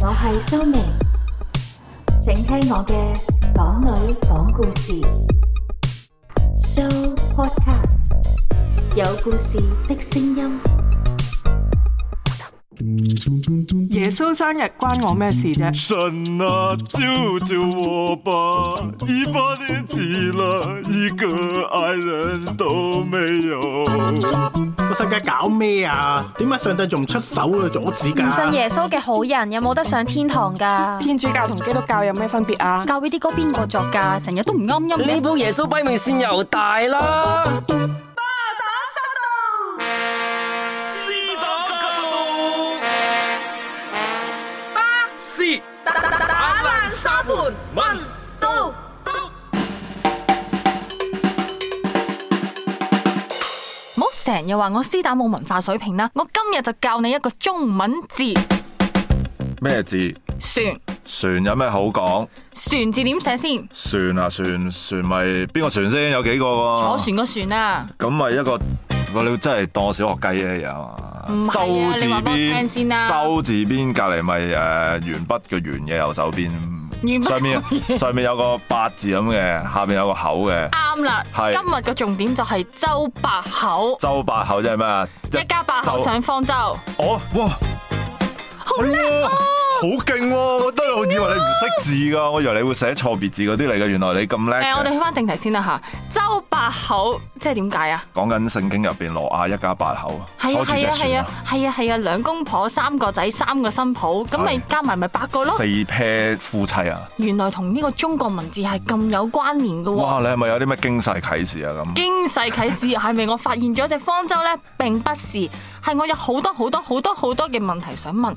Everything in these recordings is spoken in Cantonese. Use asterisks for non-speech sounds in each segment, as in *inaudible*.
我係蘇明，請聽我嘅港女講故事，Show Podcast 有故事的聲音。耶穌生日關我咩事啫？神啊，照照我吧，依番天字啦，一個愛人都未有。個世界搞咩啊？點解上帝仲唔出手去阻止噶？唔信耶穌嘅好人有冇得上天堂噶？天主教同基督教有咩分別啊？教會啲歌邊個作噶？成日都唔啱音咩？呢鋪耶穌拜命先，又大啦！又話我師打冇文化水平啦，我今日就教你一個中文字。咩字？船。船有咩好講？船字點寫先？船啊船，船咪邊個船先？有幾個喎？坐船個船啊。咁咪一個，你真係當我小學雞一樣啊。唔係啊，你話畀我聽先啦。舟字邊隔籬咪誒，鉛筆嘅鉛嘅右手邊。上面上面有個八字咁嘅，下面有個口嘅。啱啦了，係是 今日嘅重點就係舟八口。舟八口即係咩啊？一家八口州上方舟。哦、oh. Wow.，哇，好叻好勁喎！啊啊、我都係好以為你唔識字噶，我以為你會寫錯別字嗰啲嚟噶，原來你咁叻。誒、欸，我哋去翻正題先啦，吓，周八口即係點解啊？講緊聖經入邊，挪亞一家八口，拖住隻船，係啊係啊，兩公婆三個仔，三個新抱，咁咪的加埋咪八個咯。四 pair 夫妻啊！原來同呢個中國文字係咁有關聯噶、哦。哇！你係咪有啲咩驚世啟示啊？咁驚世啟示係咪？ *laughs* 係咪我發現咗隻方舟咧，並不是，係我有好多好多好多好多嘅問題想問。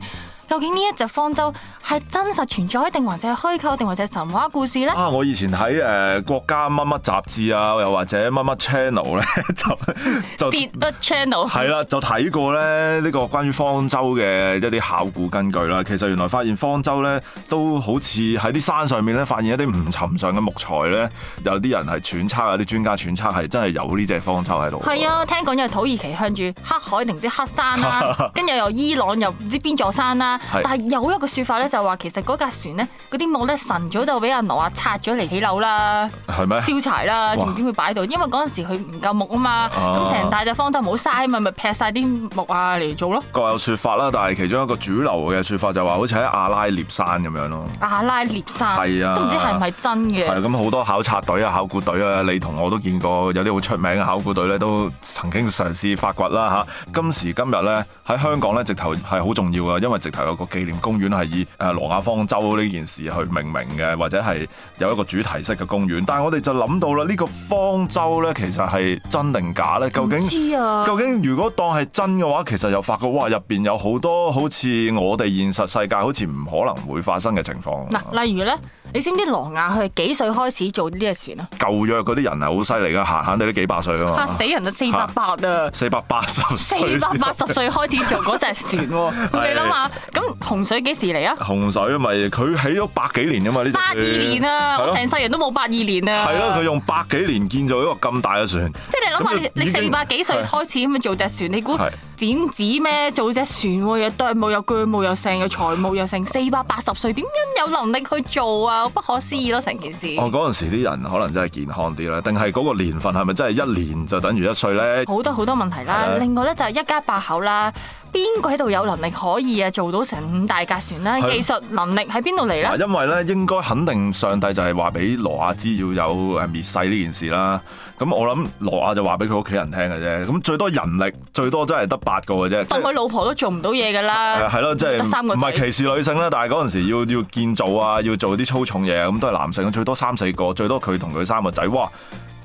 究竟呢一隻方舟係真實存在定還是虛構定還是神話故事咧？啊！我以前喺誒、呃、國家乜乜雜誌啊，又或者乜乜 channel 咧，就就跌乜 channel 係啦，就睇過咧呢、呢個關於方舟嘅一啲考古根據啦。其實原來發現方舟咧，都好似喺啲山上面咧，發現一啲唔尋常嘅木材咧。有啲人係揣測，有啲專家揣測係真係有呢隻方舟喺度。係啊，聽講因為土耳其向住黑海定唔知黑山啦、啊，跟住 *laughs* 又由伊朗又唔知邊座山啦、啊。是但係有一個説法咧，就話其實嗰架船咧，嗰啲木咧晨早就俾阿攞啊，拆咗嚟起樓啦，係咩嗎？燒柴啦，仲點會擺到？哇因為嗰陣時佢唔夠木啊嘛，咁成、啊、大隻方舟冇嘥嘛，咪劈晒啲木啊嚟做咯。各有説法啦，但係其中一個主流嘅説法就話，好似喺阿拉涅山咁樣咯，阿拉涅山係啊，都唔知係唔係真嘅。係咁好多考察隊啊，考古隊啊，你同我都見過有啲好出名嘅考古隊咧，都曾經嘗試發掘啦嚇。今時今日咧喺香港咧，直頭係好重要㗎，因為直。有個紀念公園係以誒，《羅亞方舟》呢件事去命名嘅，或者係有一個主題式嘅公園。但係我哋就諗到啦，呢個方舟呢其實係真定假呢？究竟？啊、究竟如果當係真嘅話，其實又發覺哇，入邊有好多好似我哋現實世界好似唔可能會發生嘅情況。嗱，例如呢。你知唔知挪亞佢幾歲開始做呢隻船啊？舊約嗰啲人係好犀利噶，吓，閒閒哋都幾百歲啊嘛！嚇死人啦，四百八啊！四百八十歲！四百八十歲開始做嗰隻船，你諗下，咁洪水幾時嚟啊？洪水咪佢起咗百幾年啊嘛？呢隻百二年啊，我成世人都冇八二年啊！係咯，佢用百幾年建造一個咁大嘅船，即係你諗下，你四百幾歲開始咁啊做隻船，你估剪紙咩？做隻船又財務又商務又成有財務又成，四百八十歲點樣有能力去做啊？有不可思議咯，成件事。哦，嗰陣時啲人可能真係健康啲啦，定係嗰個年份係咪真係一年就等於一歲呢？好多好多問題啦，的另外呢，就係、是、一家八口啦。邊個喺度有能力可以啊做到成五大架船咧？啊、技術能力喺邊度嚟咧？因為咧，應該肯定上帝就係話俾羅亞知要有誒滅世呢件事啦。咁我諗羅亞就話俾佢屋企人聽嘅啫。咁最多人力最多真係得八個嘅啫。當佢老婆都做唔到嘢噶啦。係咯、嗯，即係唔係歧視女性啦？但係嗰陣時要要建造啊，要做啲粗重嘢啊，咁都係男性。最多三四個，最多佢同佢三個仔。哇！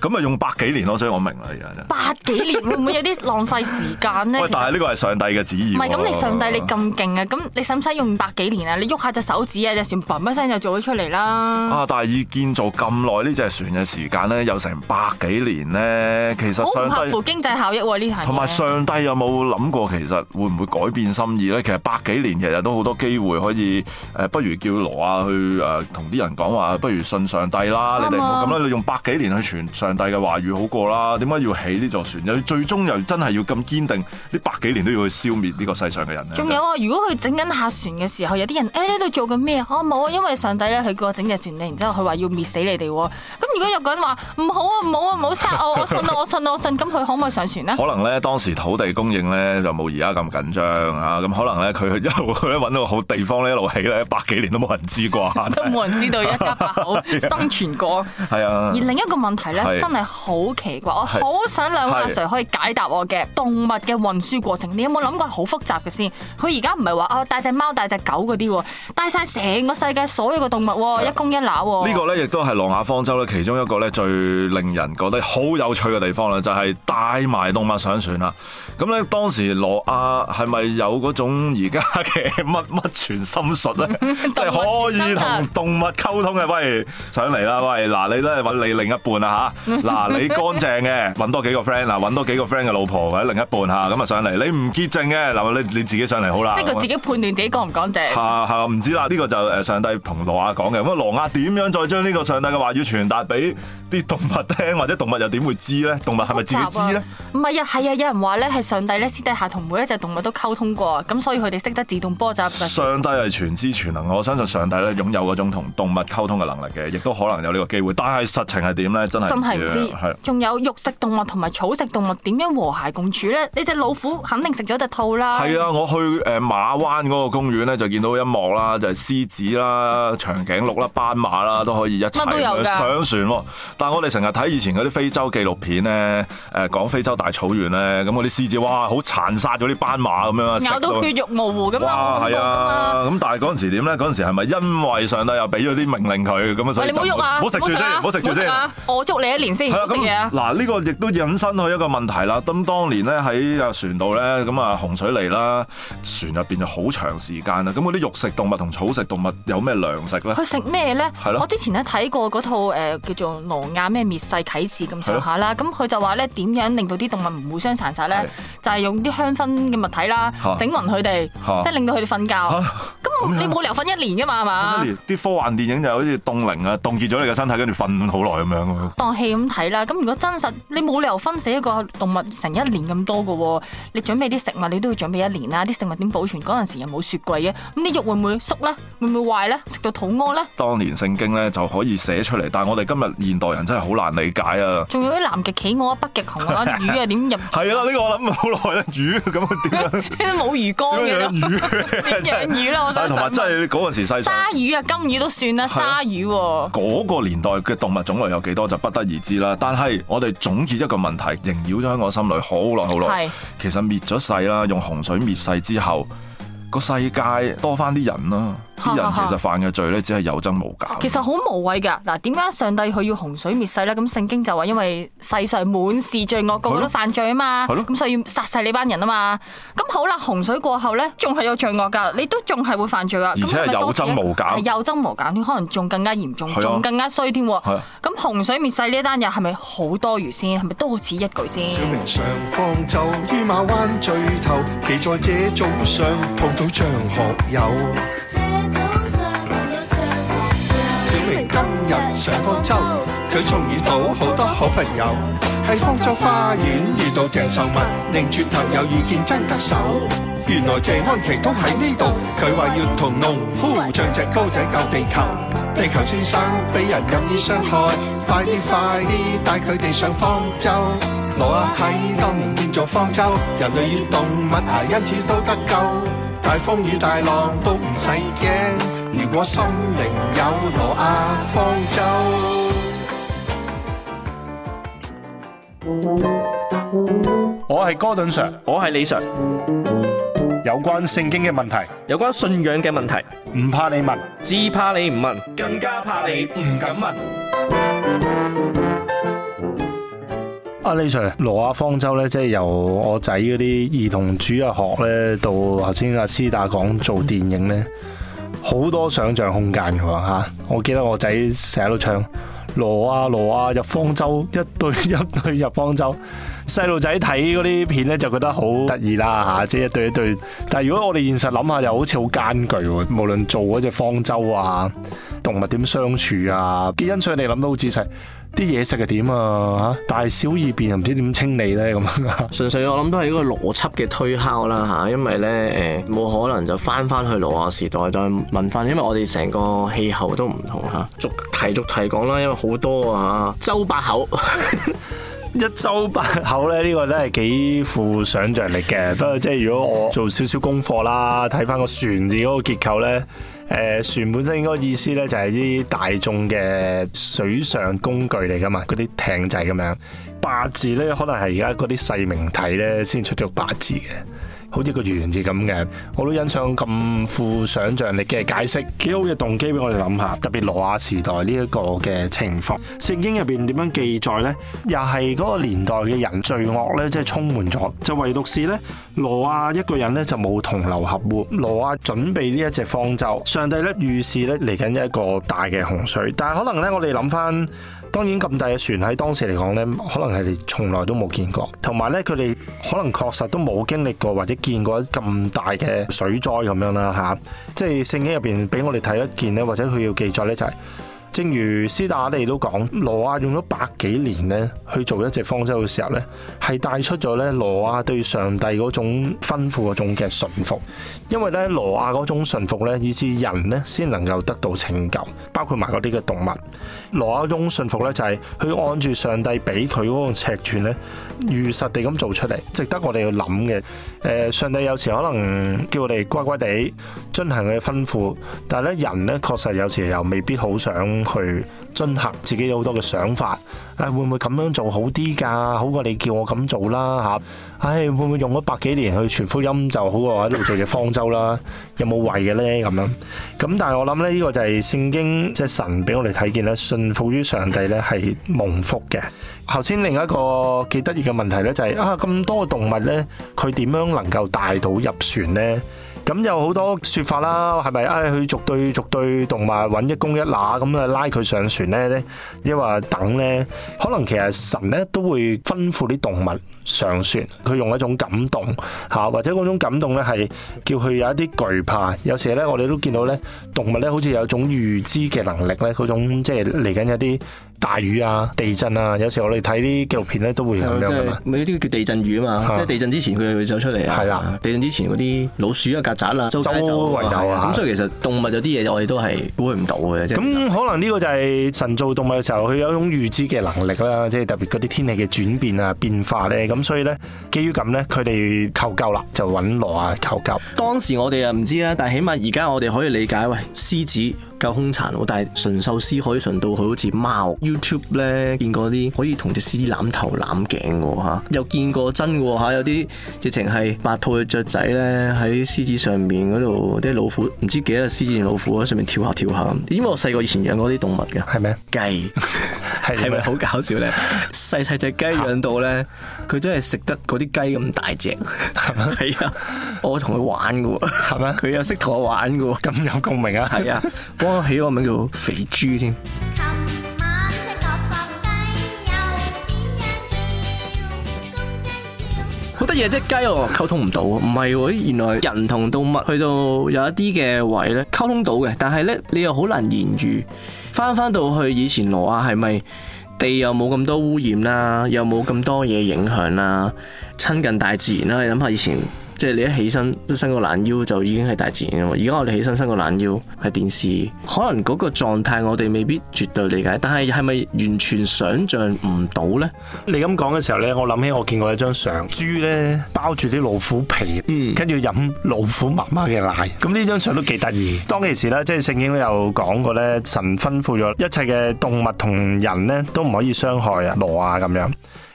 咁啊用百幾年咯，所以我明啦，而家百幾年會唔會有啲浪費時間咧？其實 喂，但係呢個係上帝嘅旨意。唔係，咁你上帝你咁勁啊？咁你使唔使用百幾年啊？你喐下隻手指啊，隻船砰一聲就做咗出嚟啦！啊，但係要建造咁耐呢隻船嘅時間咧，有成百幾年咧，其實上帝唔合乎經濟效益呢、啊、題。同埋上帝有冇諗過其實會唔會改變心意咧？其實百幾年日日都好多機會可以誒，不如叫羅亞去誒同啲人講話，不如信上帝啦！對吧 你哋唔好咁啦，你用百幾年去傳。上帝嘅話語好過啦，點解要起呢座船？又最終又真係要咁堅定，呢百幾年都要去消滅呢個世上嘅人咧？仲有啊、哦，如果佢整緊下船嘅時候，有啲人誒呢度做緊咩？啊冇啊，因為上帝咧，佢叫我整隻船你，然之後佢話要滅死你哋。咁如果有個人話唔 *laughs* 好啊，唔好啊，唔好殺我，我信，啊、 *laughs* 我信啊，我信啊，我信、啊。咁佢可唔可以上船呢？可能咧，當時土地供應咧就冇而家咁緊張啊。咁可能咧，佢一路去咧揾到個好地方咧，一路起咧，百幾年都冇人知啩。都冇人知道一家八口生存過。係 *laughs* 是啊。而另一個問題咧。是啊真係好奇怪，是我好想兩位阿 Sir 可以解答我嘅動物嘅運輸過程。是你有冇諗過好複雜嘅先？佢而家唔係話啊帶隻貓、帶隻狗嗰啲喎，帶晒成個世界所有嘅動物喎，是一公一乸喎。呢個咧亦都係羅亞方舟咧其中一個咧最令人覺得好有趣嘅地方啦，就係、是、帶埋動物上船啦。咁咧當時羅亞係咪有嗰種而家嘅乜乜全心術咧？即係 *laughs* 可以同動物溝通嘅？喂，上嚟啦！喂，嗱，你咧搵你另一半啊嚇！嗱， *laughs* 你乾淨嘅，揾多幾個 friend，嗱，揾多幾個 friend 嘅老婆或者另一半吓，咁啊就上嚟，你唔潔淨嘅，嗱、啊、你你自己上嚟好啦，即係佢自己判斷自己乾唔乾淨。嚇嚇， *laughs* 唔知啦，呢、呢個就誒上帝同羅亞講嘅，咁啊羅亞點樣再將呢個上帝嘅話語傳達俾啲動物聽，或者動物又點會知咧？動物係咪自己知咧？唔係啊，係啊，有人話咧係上帝咧私底下同每一隻動物都溝通過，咁所以佢哋識得自動波雜。上帝係全知全能，我相信上帝咧擁有嗰種同動物溝通嘅能力嘅，亦都可能有呢個機會。但係實情係點咧？真係。真知仲有肉食動物同埋草食動物點樣和諧共處咧？你隻老虎肯定食咗隻兔啦。係啊，我去誒馬灣嗰個公園咧，就見到一幕啦，就係、是、獅子啦、長頸鹿啦、斑馬啦，都可以一齊上船。但係我哋成日睇以前嗰啲非洲紀錄片咧，誒講非洲大草原咧，咁嗰啲獅子哇，好殘殺咗啲斑馬咁樣，到咬到血肉模糊咁嘛，係嘩啊。咁但係嗰陣時點咧？嗰陣時係咪因為上帝又俾咗啲命令佢咁，所以你唔好喐啊！唔好食住先，唔好食住先。我捉你一年係嗱，呢個亦都引申去一個問題啦。咁當年咧喺船度咧，咁啊洪水嚟啦，船入邊就好長時間啦。咁嗰啲肉食動物同草食動物有咩糧食咧？佢食咩咧？ *laughs* 是的 我之前咧睇過嗰套誒叫做《羅亞咩滅世啟示》咁上下啦。咁佢就話咧點樣令到啲動物唔互相殘殺咧？是的 就係用啲香薰嘅物體啦，整暈佢哋，即係令到佢哋瞓覺。咁、啊啊、你冇理由瞓一年嘅嘛？係嘛？啲吧科幻電影就好似凍靈啊，凍結咗你嘅身體，跟住瞓好耐咁樣。當氣。咁睇啦，咁如果真實，你冇理由分死一個動物成一年咁多噶，你準備啲食物你都要準備一年啦，啲食物點保存？嗰陣時又冇雪櫃嘅，咁啲肉會唔會縮咧？會唔會壞咧？食到肚屙咧？當年聖經咧就可以寫出嚟，但係我哋今日現代人真係好難理解啊！仲有啲南極企鵝、北極熊啊、魚啊，點入？係 *laughs* 啊，呢、這個我諗好耐啦，魚咁我點？冇 *laughs* 魚缸嘅。養 *laughs* 魚咧，養 *laughs* *laughs* 魚啦，我想問。動物即係嗰陣時細鯊魚啊，金魚都算啦，鯊、啊、魚、啊。嗰個年代嘅動物種類有幾多就不得而知。但係我哋總結一個問題，縈繞咗喺我心裏好耐好耐。係其實滅咗世啦，用洪水滅世之後，個世界多翻啲人啦。啲人其實犯嘅罪咧，只係有增無減。其實好無謂噶。嗱，點解上帝佢要洪水滅世咧？咁聖經就話，因為世上滿是罪惡，個個都犯罪啊嘛，咁所以的要殺晒呢班人啊嘛。咁好啦，洪水過後咧，仲係有罪惡噶，你都仲係會犯罪啊，而且係有增無減。是是有增無減，添，可能仲更加嚴重，仲的更加衰添。係咁的洪水滅世呢一單嘢係咪好多餘先？係咪多此一舉先？明上上方就於馬灣最頭其在碰到張學友。上方舟，佢仲遇到好多好朋友。喺方舟花園遇到鄭秀文，擰轉頭又遇見曾特首。原來謝安琪都喺呢度，佢話要同農夫唱隻歌仔救地球。地球先生俾人任意傷害，快啲快啲帶佢哋上方舟。挪亞喺當年建咗方舟，人類與動物啊因此都得救，大風雨大浪都唔使驚。如果心靈有挪亞方舟，我係哥頓 Sir，我係李 Sir。有關聖經嘅問題，有關信仰嘅問題，唔怕你問，只怕你唔問，更加怕你唔敢問。阿李 Sir，挪亞方舟咧，即係由我仔嗰啲兒童主日學咧，到頭先阿斯打講做電影咧，好多想像空間㗎嘛嚇！我記得我仔成日都唱羅啊羅啊，入方舟，一對一對入方舟。細路仔睇嗰啲片呢，就覺得好得意啦嚇！即係一對一對，但係如果我哋現實諗下，又好似好艱巨喎。無論做嗰隻方舟啊，動物點相處啊，基因上你諗都好仔細。啲嘢食係點啊吓，大小二便又唔知點清理咧咁啊！純 *laughs* 粹我諗都係一個邏輯嘅推敲啦吓，因為咧誒，冇可能就翻翻去羅馬時代再問翻，因為我哋成個氣候都唔同吓，續提續提講啦，因為好多啊，周八口， *laughs* 一周八口咧呢，這個都係幾富想象力嘅，不過即係如果我做少少功課啦，睇翻個船字嗰個結構咧。誒、呃、船本身應該意思咧就係啲大眾嘅水上工具嚟噶嘛，嗰啲艇仔係咁樣。八字咧可能係而家嗰啲細明體咧先出咗八字嘅。好似個圓字咁嘅，我都欣賞咁富想象力嘅解釋，幾好嘅動機俾我哋諗下。特別挪亞時代呢一個嘅情況，聖經入邊點樣記載呢？又係嗰個年代嘅人罪惡呢，即係充滿咗。就唯獨是呢，挪亞一個人呢，就冇同流合污。挪亞準備呢一隻方舟，上帝呢預示呢嚟緊一個大嘅洪水。但係可能呢，我哋諗翻。當然咁大嘅船喺當時嚟講呢，可能係從來都冇見過，同埋呢，佢哋可能確實都冇經歷過或者見過咁大嘅水災咁樣啦吓、啊，即係聖經入邊俾我哋睇一件呢，或者佢要記載呢，就係、是。正如斯打利都講，羅亞用咗百幾年咧去做一隻方舟嘅時候咧，係帶出咗咧羅亞對上帝嗰種吩咐嗰種嘅順服，因為咧羅亞嗰種順服咧，以至人咧先能夠得到拯救，包括埋嗰啲嘅動物。羅亞嗰種順服咧、就是，就係佢按住上帝俾佢嗰個尺寸咧。如實地咁做出嚟，值得我哋去諗嘅。誒、呃,上帝有時可能叫我哋乖乖地遵行佢嘅吩咐，但係咧人咧確實有時又未必好想去遵行自己好多嘅想法。誒、哎，會唔會咁樣做好啲噶？好過你叫我咁做啦吓。唉、哎，會唔會用咗百幾年去傳福音就好過喺度做隻方舟啦？有冇謂嘅咧咁樣？咁但係我諗咧呢、這個就係聖經即係神俾我哋睇見咧，信服於上帝咧係蒙福嘅。頭先另一個記得。嘅問題咧就係、是、啊咁多動物咧，佢點樣能夠帶到入船咧？咁有好多説法啦，係咪啊？佢逐對逐對動物揾一公一乸咁啊，拉佢上船咧？咧亦或等咧？可能其實神咧都會吩咐啲動物。上船，佢用一種感動嚇，或者嗰種感動咧係叫佢有一啲懼怕。有時咧，我哋都見到咧動物咧，好似有一種預知嘅能力咧，嗰種即係嚟緊有啲大雨啊、地震啊。有時我哋睇啲紀錄片咧，都會咁樣噶嘛。咪呢啲叫地震魚啊嘛，啊即係地震之前佢會走出嚟啊。係啦，地震之前嗰啲老鼠啊、曱甴啊，周圍走啊。咁所以其實動物有啲嘢我哋都係估佢唔到嘅。咁可能呢個就係神造動物嘅時候，佢有一種預知嘅能力啦，即係特別嗰啲天氣嘅轉變啊、變化咧。咁所以呢，基於咁呢，佢哋求救啦，就揾羅啊求救。當時我哋又唔知啦，但起碼而家我哋可以理解喂，獅子夠兇殘喎，但係純獸獅可以純到佢好似貓。YouTube 呢，見過啲可以同隻獅子攬頭攬頸嘅嚇、啊，又見過真嘅嚇、啊，有啲直情係白兔嘅雀仔呢，喺獅子上面嗰度，啲老虎唔知幾多獅子老虎喺上面跳下跳下咁。點解我細個以前養過啲動物嘅，係咩嗎雞？ *laughs* 係咪好搞笑咧？細細隻雞養到咧，佢 *laughs* 真係食得嗰啲雞咁大隻，係啊！ *laughs* 我同佢玩嘅喎，係咪？佢又識同我玩嘅喎，咁有共鳴啊！係啊，幫我起個名叫肥豬添。好多嘢啊！隻雞哦，溝通唔到啊，唔係喎，原來人同動物去到有一啲嘅位咧，溝通到嘅，但係咧，你又好難言喻。翻返到去以前羅啊，係咪地又冇咁多污染啦，又冇咁多嘢影響啦，親近大自然啦，你諗下以前。即係你一起身伸個懶腰就已經係大自然嘅喎，而家我哋起身伸個懶腰係電視，可能嗰個狀態我哋未必絕對理解，但係係咪完全想像唔到呢？你咁講嘅時候呢，我諗起我見過一張相，豬呢，包住啲老虎皮，跟住飲老虎媽媽嘅奶，咁呢張相都幾得意。當其時呢，即係聖經都有講過呢，神吩咐咗一切嘅動物同人呢，都唔可以傷害啊羅啊咁樣。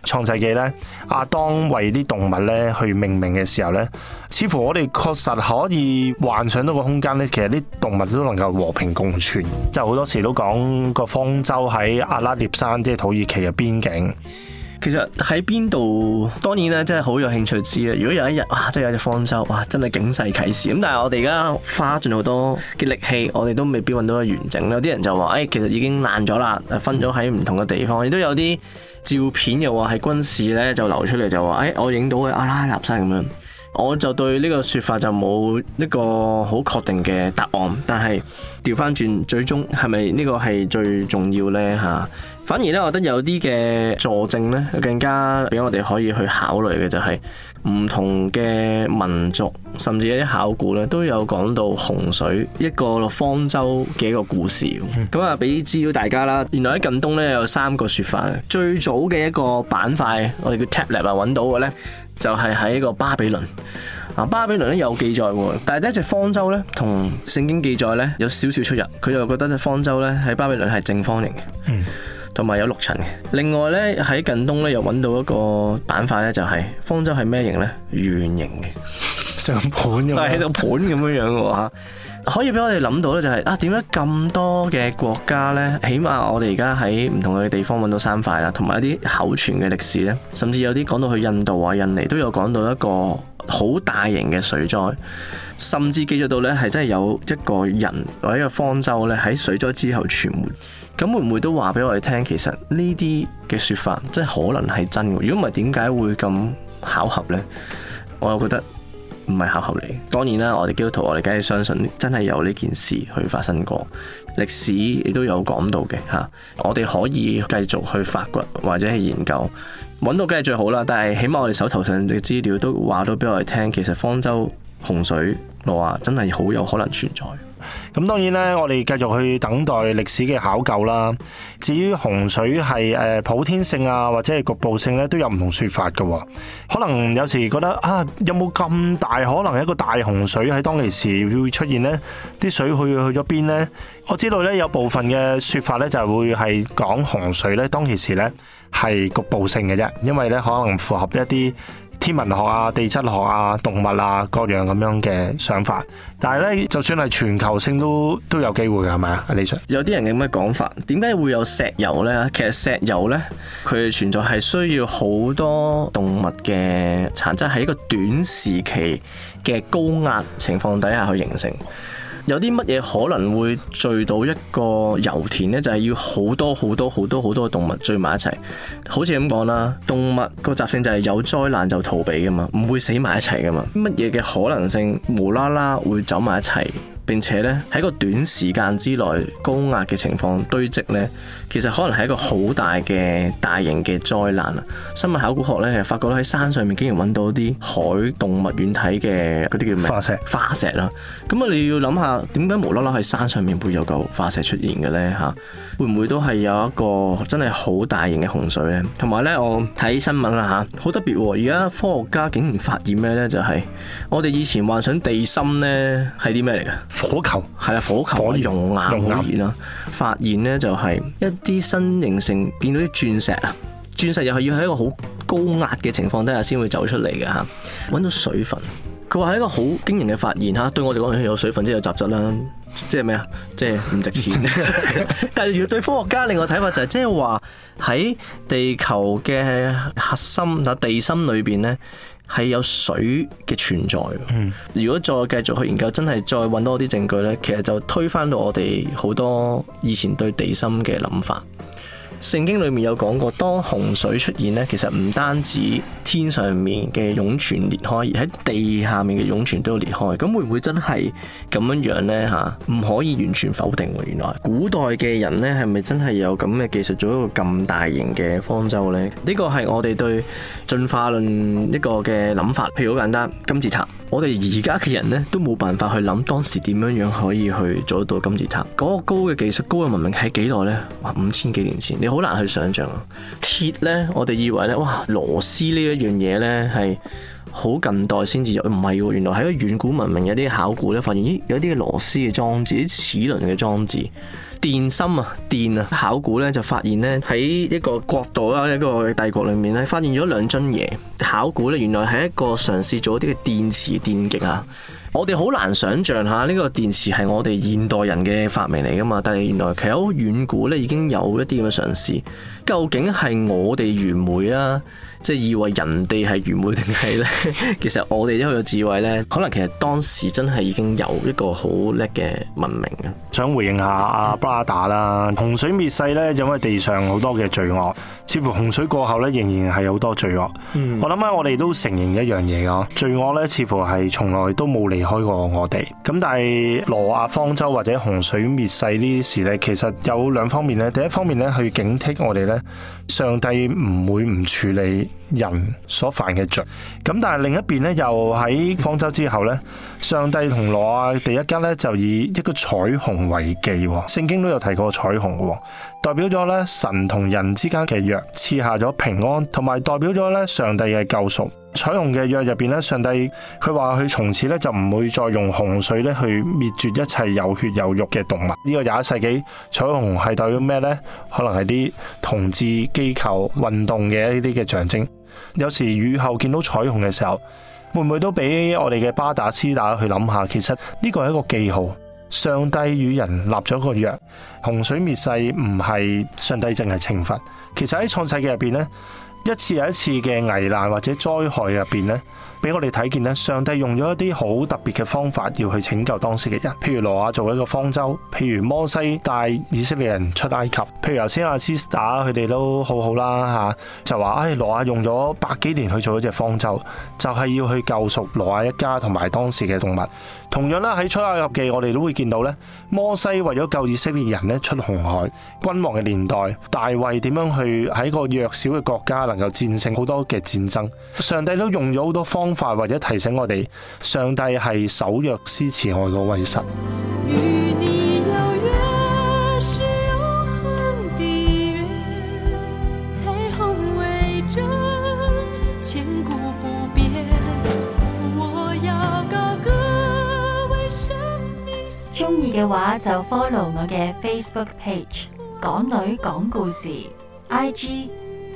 創世記咧，亞當為啲動物咧去命名嘅時候咧，似乎我哋確實可以幻想到個空間咧，其實啲動物都能夠和平共存。就好多時都講個方舟喺阿拉涅山，即係土耳其嘅邊境。其實喺邊度？當然咧，真係好有興趣知啊！如果有一日哇，哇，真係有隻方舟哇，真係警世啟示咁。但係我哋而家花盡好多嘅力氣，我哋都未必搵到個完整。有啲人就話：誒、哎，其實已經爛咗啦，分咗喺唔同嘅地方，亦都有啲。照片又話係軍事咧，就流出嚟就話，誒、哎，我影到個阿、啊、拉納山咁樣。我就對呢個說法就冇一個好確定嘅答案，但係調翻轉最終係咪呢個係最重要呢？吓、啊？反而呢，我覺得有啲嘅佐證呢，更加俾我哋可以去考慮嘅就係、是、唔同嘅民族甚至一啲考古呢，都有講到洪水一個方舟嘅一個故事。咁啊、嗯，俾資料大家啦。原來喺近東呢，有三個說法，最早嘅一個板塊我哋叫 tap lab 啊揾到嘅呢。就係喺個巴比倫啊！巴比倫咧有記載喎，但係呢一隻方舟咧同聖經記載咧有少少出入。佢就覺得隻方舟咧喺巴比倫係正方形嘅，同埋、嗯、有六層嘅。另外咧喺近東咧又搵到一個板塊咧，就係、是、方舟係咩形咧？圓形嘅，上盤咁。但係 *laughs* 個盤咁樣樣嘅 *laughs* 可以俾我哋諗到咧，就是，就係啊，點解咁多嘅國家呢？起碼我哋而家喺唔同嘅地方搵到三塊啦，同埋一啲口傳嘅歷史呢。甚至有啲講到去印度啊、印尼，都有講到一個好大型嘅水災，甚至記著到呢係真係有一個人或者一個方舟呢喺水災之後存活。咁會唔會都話俾我哋聽，其實呢啲嘅說法真係可能係真嘅？如果唔係，點解會咁巧合呢？我又覺得。唔係巧合嚟，當然啦，我哋基督徒，我哋梗係相信真係有呢件事去發生過，歷史亦都有講到嘅嚇、啊，我哋可以繼續去發掘或者係研究，揾到梗係最好啦，但係起碼我哋手頭上嘅資料都話到俾我哋聽，其實方舟洪水挪亞，真係好有可能存在。咁當然咧，我哋繼續去等待歷史嘅考究啦。至於洪水係誒普天性啊，或者係局部性咧，都有唔同說法嘅。可能有時覺得啊，有冇咁大可能一個大洪水喺當其時會出現呢？啲水去去咗邊呢？我知道咧，有部分嘅說法咧，就會係講洪水咧，當其時咧係局部性嘅啫，因為咧可能符合一啲。天文學啊、地質學啊、動物啊各樣咁樣嘅想法，但係呢，就算係全球性都有都有機會嘅係咪啊？阿李 sir，有啲人嘅咁嘅講法，點解會有石油呢？其實石油呢，佢嘅存在係需要好多動物嘅殘渣喺一個短時期嘅高壓情況底下去形成。有啲乜嘢可能會聚到一個油田呢？就係要好多好多好多好多動物聚埋一齊。好似咁講啦，動物個習性就係有災難就逃避噶嘛，唔會死埋一齊噶嘛。乜嘢嘅可能性無啦啦會走埋一齊？並且咧喺個短時間之內高壓嘅情況堆積咧，其實可能係一個好大嘅大型嘅災難啊！新聞考古學咧，發覺咧喺山上面竟然揾到啲海動物軟體嘅嗰啲叫咩？化石？化石啦！咁啊，你要諗下點解無啦啦喺山上面會有嚿化石出現嘅咧？吓、啊，會唔會都係有一個真係好大型嘅洪水咧？同埋咧，我睇新聞啦吓，好特別、啊！而家科學家竟然發現咩咧？就係、是、我哋以前幻想地心咧係啲咩嚟噶？火球係啊，火球熔岩啦，岩發現咧就係一啲新形成變到啲鑽石啊，鑽石又係要喺一個好高壓嘅情況底下先會走出嚟嘅吓，揾到水分，佢話係一個好驚人嘅發現吓，對我哋講有水分即係、就是、有雜質啦，即係咩啊？即係唔值錢。但係如果對科學家另一個睇法就係、是，即係話喺地球嘅核心嗱地心裏邊咧。係有水嘅存在。如果再繼續去研究，真係再揾多啲證據呢，其實就推翻到我哋好多以前對地心嘅諗法。聖經裏面有講過，當洪水出現呢，其實唔單止天上面嘅湧泉裂開，而喺地下面嘅湧泉都要裂開。咁會唔會真係咁樣樣呢？吓，唔可以完全否定。原來古代嘅人呢，係咪真係有咁嘅技術做一個咁大型嘅方舟呢？呢個係我哋對進化論一個嘅諗法。譬如好簡單，金字塔。我哋而家嘅人呢，都冇辦法去諗當時點樣樣可以去做得到金字塔嗰個高嘅技術、高嘅文明喺幾耐呢？哇，五千幾年前，你好難去想象啊！鐵呢，我哋以為呢，哇，螺絲呢一樣嘢呢，係好近代先至有。唔係，原來喺個遠古文明有啲考古呢，發現，咦，有啲螺絲嘅裝置、啲齒輪嘅裝置。電芯啊，電啊，考古咧就發現咧喺一個國度啦，一個帝國裏面咧，發現咗兩樽嘢。考古咧原來係一個嘗試做一啲嘅電池電極啊。我哋好難想象嚇，呢、這個電池係我哋現代人嘅發明嚟噶嘛，但係原來其實好遠古咧已經有一啲咁嘅嘗試。究竟係我哋愚昧啊？即係以為人哋係愚昧定係呢？ *laughs* 其實我哋因為有智慧呢，可能其實當時真係已經有一個好叻嘅文明嘅。想回應下阿布拉達啦，洪水滅世呢，因為地上好多嘅罪惡，似乎洪水過後呢，仍然係有好多罪惡。嗯、我諗啊，我哋都承認一樣嘢啊，罪惡呢，似乎係從來都冇離開過我哋。咁但係羅亞方舟或者洪水滅世呢啲事呢，其實有兩方面呢。第一方面呢，去警惕我哋呢，上帝唔會唔處理，人所犯嘅罪，咁但係另一邊呢，又喺方舟之後呢，上帝同挪亞第一吉呢，就以一個彩虹為記，聖經都有提過彩虹嘅，代表咗呢神同人之間嘅約，賜下咗平安，同埋代表咗呢上帝嘅救贖。彩虹嘅約入邊咧，上帝佢話佢從此咧就唔會再用洪水咧去滅絕一切有血有肉嘅動物。呢個廿一世紀彩虹係代表咩呢？可能係啲同志機構運動嘅一啲嘅象徵。有時雨後見到彩虹嘅時候，會唔會都俾我哋嘅巴打斯打去諗下？其實呢個係一個記號，上帝與人立咗個約，洪水滅世唔係上帝淨係懲罰，其實喺創世記入邊呢。一次又一次嘅危難或者災害入邊呢，俾我哋睇見呢，上帝用咗一啲好特別嘅方法要去拯救當時嘅人，譬如挪亞做一個方舟，譬如摩西帶以色列人出埃及，譬如頭先阿斯打佢哋都好好啦吓，就話哎挪亞用咗百幾年去做咗隻方舟，就係要去救贖挪亞一家同埋當時嘅動物。同樣啦，喺出埃及記我哋都會見到呢，摩西為咗救以色列人呢，出紅海，君王嘅年代，大衛點樣去喺個弱小嘅國家。能夠戰勝好多嘅戰爭，上帝都用咗好多方法或者提醒我哋，上帝係守約施慈愛嘅衛神。與你有約，是永恆的約，彩虹為證，千古不變，我要高歌，中意嘅話就 follow 我嘅 Facebook page，港女講故事，IG。